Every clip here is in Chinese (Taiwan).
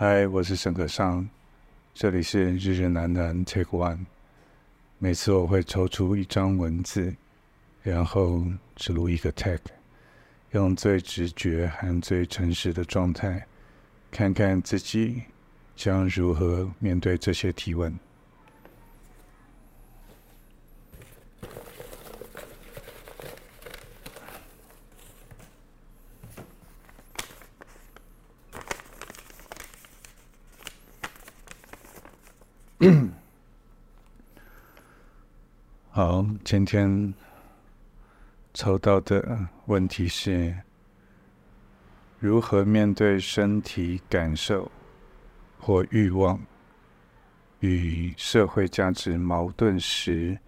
嗨，Hi, 我是沈可尚，這裡是日日難難 Take One。每次我會抽出一張文字，然後只錄一個 tag，用最直覺和最誠實的狀態，看看自己將如何面對這些提問。 好，今天抽到的問題是如何面對身體感受或欲望與社會價值矛盾時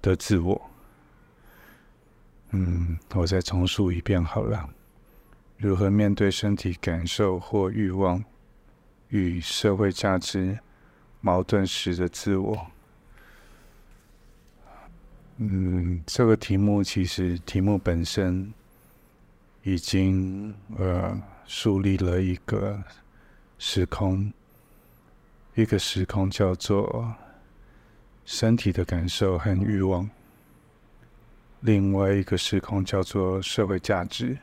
的自我。嗯，我再重述一遍好了：如何面對身體感受或欲望與社會價值？矛盾時的自我，嗯，這個題目其實題目本身已經呃樹立了一個時空，一個時空叫做身體的感受和欲望，另外一個時空叫做社會價值，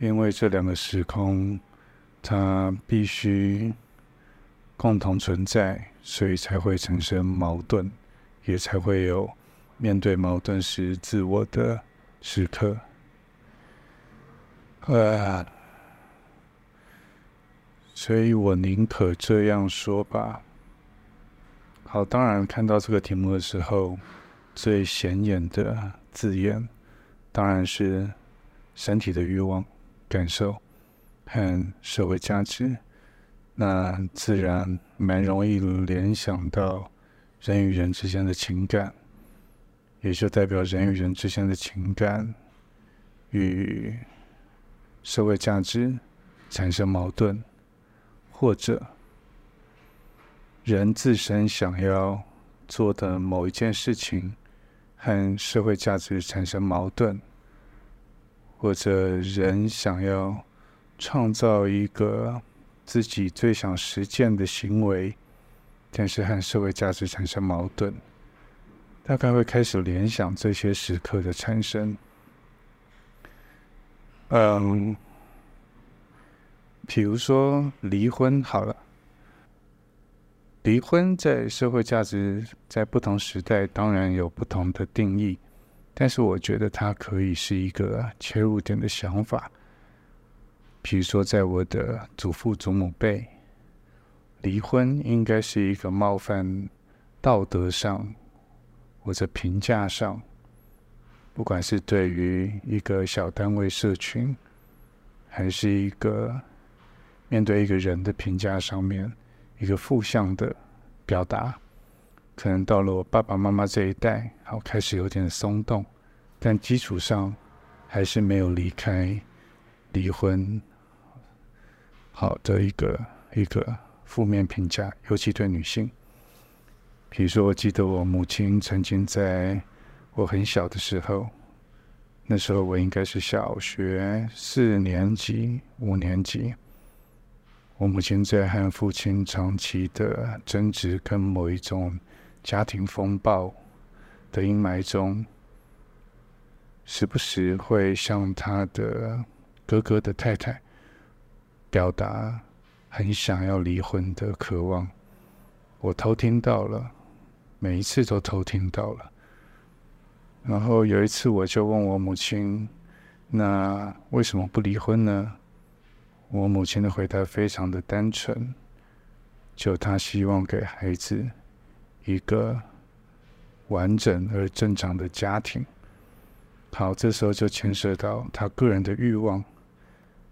因為這兩個時空，它必須。共同存在，所以才會產生矛盾，也才會有面對矛盾時自我的時刻。呃、啊，所以我寧可這樣說吧。好，當然看到這個題目的時候，最顯眼的字眼，當然是身體的慾望、感受和社會價值。那自然蠻容易聯想到人與人之間的情感，也就代表人與人之間的情感與社會價值產生矛盾，或者人自身想要做的某一件事情和社會價值產生矛盾，或者人想要創造一個。自己最想實踐的行為，但是和社會價值產生矛盾，大概會開始聯想這些時刻的產生。嗯，比如說離婚好了，離婚在社會價值在不同時代當然有不同的定義，但是我覺得它可以是一個切入點的想法。比如說，在我的祖父祖母輩，離婚應該是一個冒犯，道德上或者評價上，不管是對於一個小單位社群，還是一個面對一個人的評價上面一個負向的表達，可能到了我爸爸媽媽這一代，好，開始有點鬆動，但基礎上還是沒有離開離婚。好的一個一個負面評價，尤其對女性。比如說，我記得我母親曾經在我很小的時候，那時候我應該是小學四年級、五年級。我母親在和父親長期的爭執跟某一種家庭風暴的陰霾中，時不時會向她的哥哥的太太。表達很想要離婚的渴望，我偷聽到了，每一次都偷聽到了。然後有一次我就問我母親，那為什麼不離婚呢？我母親的回答非常的單純，就她希望給孩子一個完整而正常的家庭。好，這時候就牽涉到她個人的慾望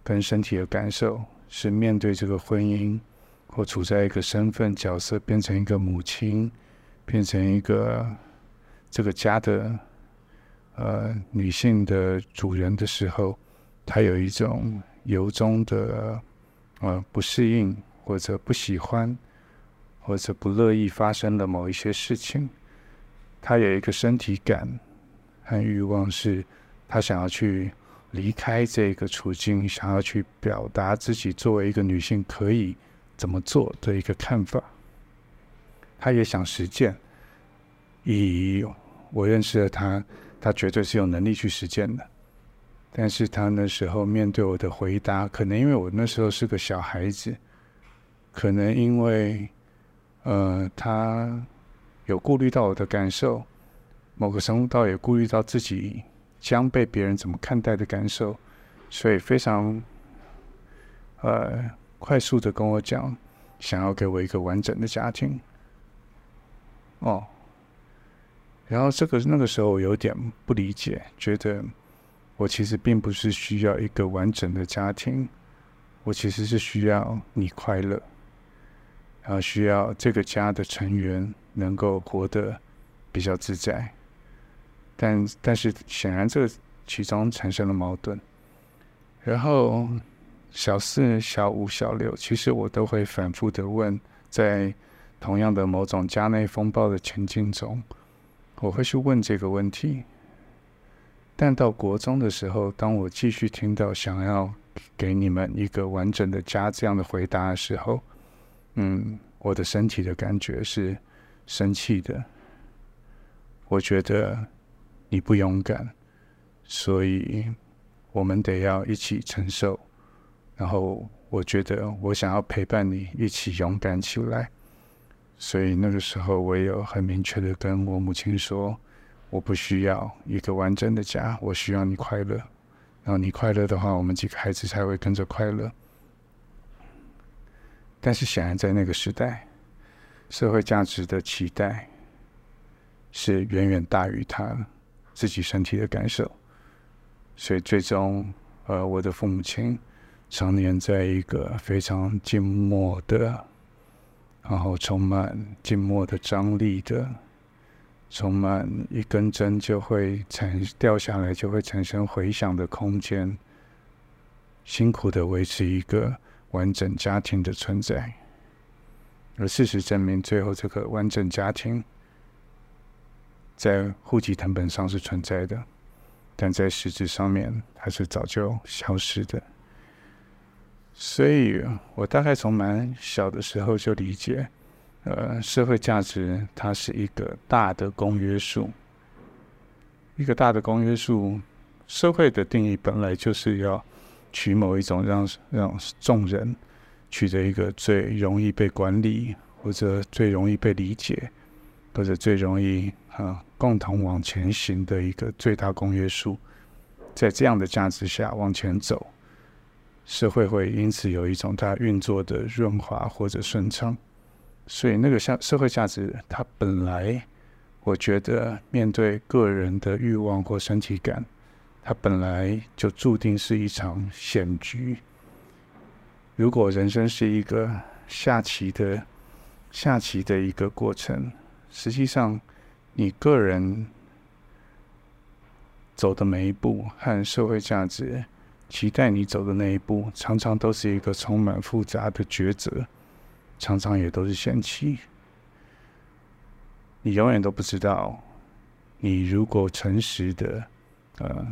跟身體的感受。是面對這個婚姻，或處在一個身份角色，變成一個母親，變成一個這個家的呃女性的主人的時候，她有一種由衷的、呃、不適應，或者不喜歡，或者不樂意發生的某一些事情，她有一個身體感和慾望，是她想要去，離開這個處境，想要去表達自己作為一個女性可以怎麼做的一個看法。她也想實踐，以我認識的她，她絕對是有能力去實踐的。但是她那時候面對我的回答，可能因為我那時候是個小孩子，可能因為呃，她有顧慮到我的感受，某個程度倒也顧慮到自己將被別人怎麼看待的感受，所以非常，呃，快速的跟我講，想要給我一個完整的家庭。哦，然後這個，那個時候我有點不理解，覺得我其實並不是需要一個完整的家庭，我其實是需要你快樂，然後需要這個家的成員能夠活得比較自在。但但是顯然這其中產生了矛盾。然後小四、小五、小六，其實我都會反復的問，在同樣的某種家內風暴的情境中，我會去問這個問題。但到國中的時候，當我繼續聽到想要給你們一個完整的家這樣的回答的時候，嗯，我的身體的感覺是生氣的。我覺得。你不勇敢，所以我們得要一起承受。然後我覺得，我想要陪伴你一起勇敢起來。所以那個時候，我有很明確的跟我母親說：“我不需要一個完整的家，我需要你快樂。然後你快樂的話，我們幾個孩子才會跟着快樂。”但是顯然，在那個時代，社會價值的期待是遠遠大於他自己身體的感受，所以最終，呃，我的父母親常年在一個非常靜默的，然後充滿靜默的張力的，充滿一根針就會產掉下來就會產生回響的空間，辛苦的維持一個完整家庭的存在，而事實證明，最後這個完整家庭。在戶籍謄本上是存在的，但在實質上面，它是早就消失的。所以，我大概從蠻小的時候就理解，呃，社會價值它是一個大的公約數，一個大的公約數。社會的定義本來就是要取某一種讓讓眾人取得一個最容易被管理，或者最容易被理解，或者最容易。啊，共同往前行的一個最大公約數，在這樣的價值下往前走，社會會因此有一種它運作的潤滑或者順暢。所以那個像社會價值，它本來我覺得面對個人的慾望或身體感，它本來就注定是一場險局。如果人生是一個下棋的下棋的一個過程，實際上。你個人走的每一步，和社會價值期待你走的那一步，常常都是一個充滿複雜的抉擇，常常也都是險棋。你永遠都不知道，你如果誠實的，呃，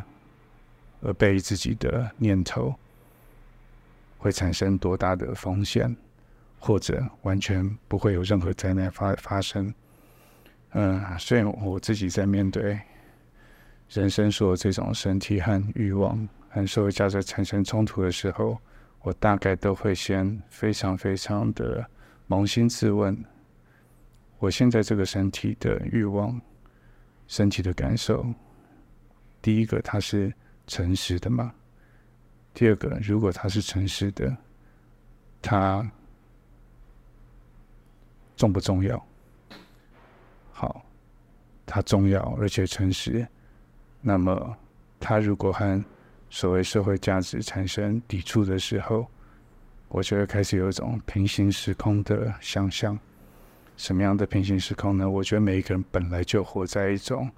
而被自己的念頭會產生多大的風險，或者完全不會有任何災難發發生。嗯，所以我自己在面對人生所有這種身體和慾望，和社會價值產生衝突的時候，我大概都會先非常非常的捫心自問：我現在這個身體的慾望、身體的感受，第一個它是誠實的嗎？第二個，如果它是誠實的，它重不重要？好，他重要，而且誠實。那麼，他如果和所謂社會價值產生抵觸的時候，我就會開始有一種平行時空的想象。什麼樣的平行時空呢？我覺得每一個人本來就活在一種，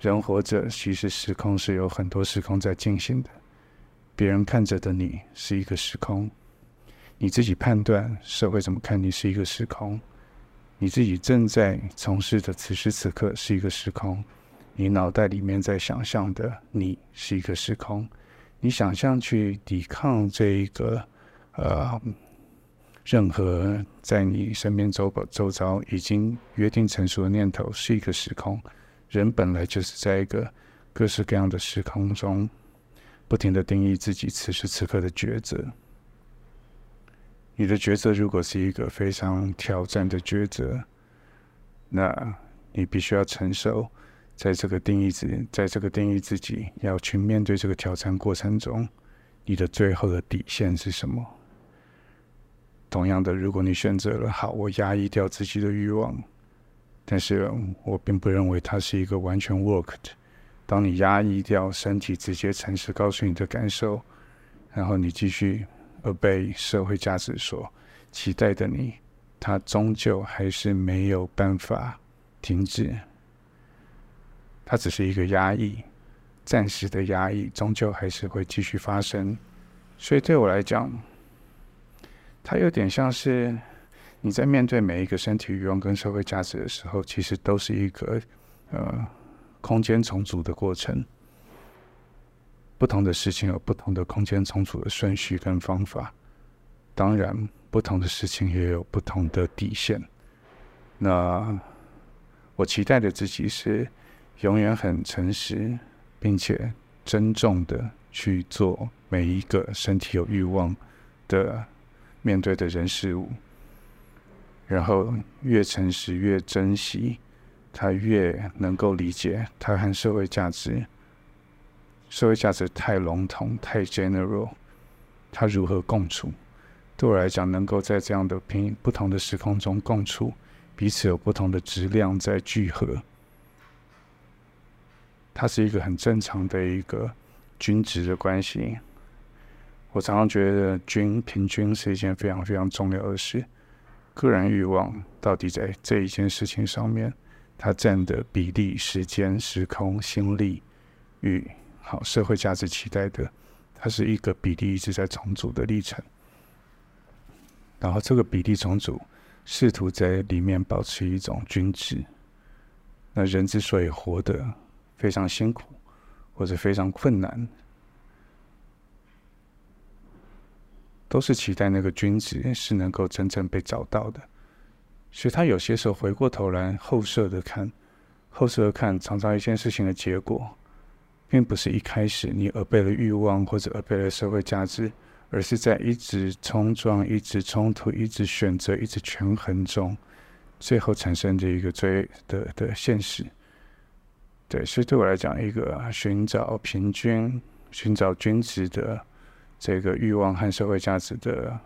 人活着，其實時空是有很多時空在進行的。別人看着的你是一個時空，你自己判斷社會怎麼看你是一個時空。你自己正在從事的此時此刻是一個時空，你腦袋裡面在想象的你是一個時空，你想象去抵抗這一個呃，任何在你身邊周周遭已經約定成熟的念頭是一個時空。人本來就是在一個各式各樣的時空中，不停的定義自己此時此刻的抉擇。你的抉擇如果是一個非常挑戰的抉擇，那你必須要承受，在這個定義自，在這個定義自己要去面對這個挑戰過程中，你的最後的底線是什麼？同樣的，如果你選擇了好，我壓抑掉自己的慾望，但是我並不認為它是一個完全 worked。當你壓抑掉身體直接誠實告訴你的感受，然後你繼續。而被社會價值所期待的你，它終究還是沒有辦法停止。它只是一個壓抑，暫時的壓抑，終究還是會繼續發生。所以對我來講，它有點像是你在面對每一個身體慾望跟社會價值的時候，其實都是一個呃空間重組的過程。不同的事情有不同的空間充足的順序跟方法，當然不同的事情也有不同的底線。那我期待的自己是永遠很誠實，並且尊重的去做每一個身體有慾望的面對的人事物。然後越誠實越珍惜，他越能夠理解他和社會價值。社會價值太籠統太 general，它如何共處？對我來講，能夠在這樣的平不同的時空中共處，彼此有不同的質量在聚合，它是一個很正常的一個均值的關係。我常常覺得均平均是一件非常非常重要的事。個人慾望到底在這一件事情上面，它占的比例、時間、時空、心力與。好，社會價值期待的，它是一個比例一直在重組的歷程。然後這個比例重組，試圖在裡面保持一種均值。那人之所以活得非常辛苦，或者非常困難，都是期待那個均值是能夠真正被找到的。所以，他有些時候回過頭來後設的看，後設的看，常常一件事情的結果。並不是一開始你違背了慾望或者違背了社會價值，而是在一直衝撞、一直衝突、一直選擇、一直權衡中，最後產生的一個最的的現實。對，所以對我來講，一個尋找平均、尋找均值的這個慾望和社會價值的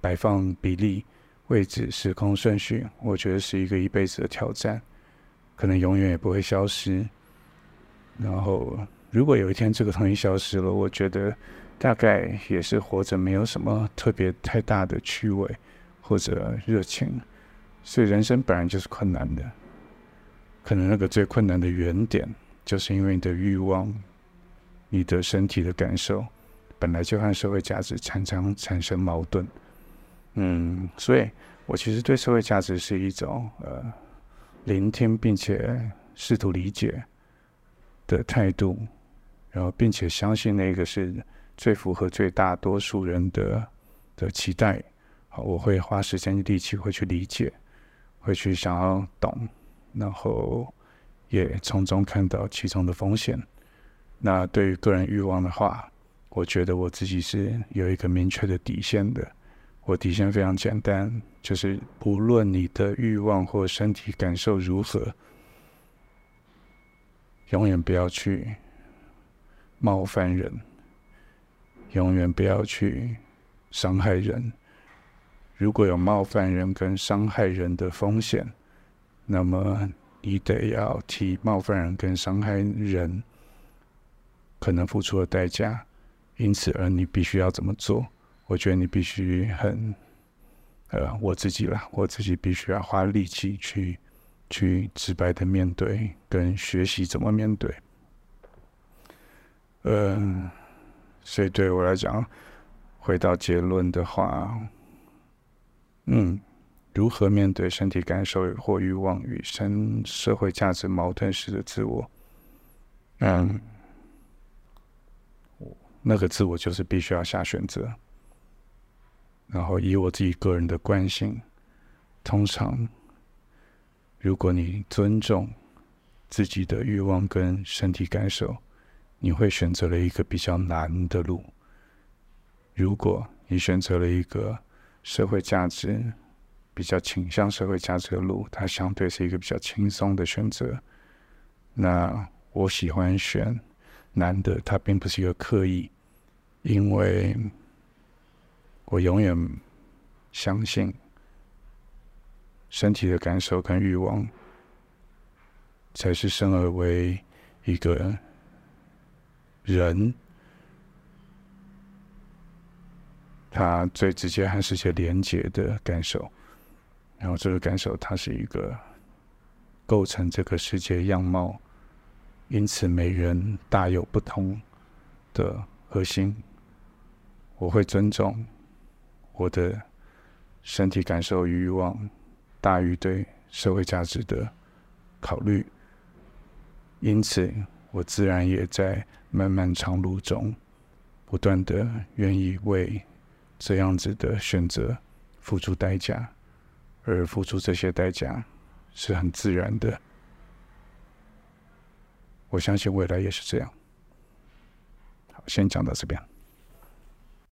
擺放比例、位置、時空順序，我覺得是一個一輩子的挑戰，可能永遠也不會消失。然後。如果有一天這個東西消失了，我覺得大概也是活着沒有什麼特別太大的趣味或者熱情。所以人生本來就是困難的，可能那個最困難的原點，就是因為你的欲望、你的身體的感受，本來就和社會價值常常產生矛盾。嗯，所以我其實對社會價值是一種呃聆聽並且試圖理解的態度。然後，並且相信那個是最符合最大多數人的的期待。好，我會花時間、力氣，會去理解，會去想要懂，然後也從中看到其中的風險。那對於個人慾望的話，我覺得我自己是有一個明確的底線的。我底線非常簡單，就是不論你的慾望或身體感受如何，永遠不要去。冒犯人，永遠不要去傷害人。如果有冒犯人跟傷害人的風險，那麼你得要替冒犯人跟傷害人可能付出的代價，因此而你必須要怎麼做？我覺得你必須很，呃，我自己啦，我自己必須要花力氣去去直白的面對跟學習怎麼面對。嗯，所以對我來講，回到結論的話，嗯，如何面對身體感受或慾望與生，社會價值矛盾時的自我，嗯，那個自我就是必須要下選擇。然後以我自己個人的慣性，通常，如果你尊重自己的慾望跟身體感受。你會選擇了一個比較難的路。如果你選擇了一個社會價值，比較傾向社會價值的路，它相對是一個比較輕鬆的選擇。那我喜歡選難的，它並不是一個刻意，因為我永遠相信身體的感受跟慾望才是生而為一個。人，他最直接和世界連接的感受，然後這個感受，它是一個構成這個世界樣貌，因此每人大有不同的核心。我會尊重我的身體感受與欲望，大於對社會價值的考慮，因此。我自然也在漫漫長路中，不斷的願意為這樣子的選擇付出代價，而付出這些代價是很自然的。我相信未來也是這樣。好，先講到這邊。